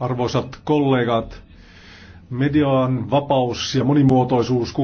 Arvoisat kollegat, median vapaus ja monimuotoisuus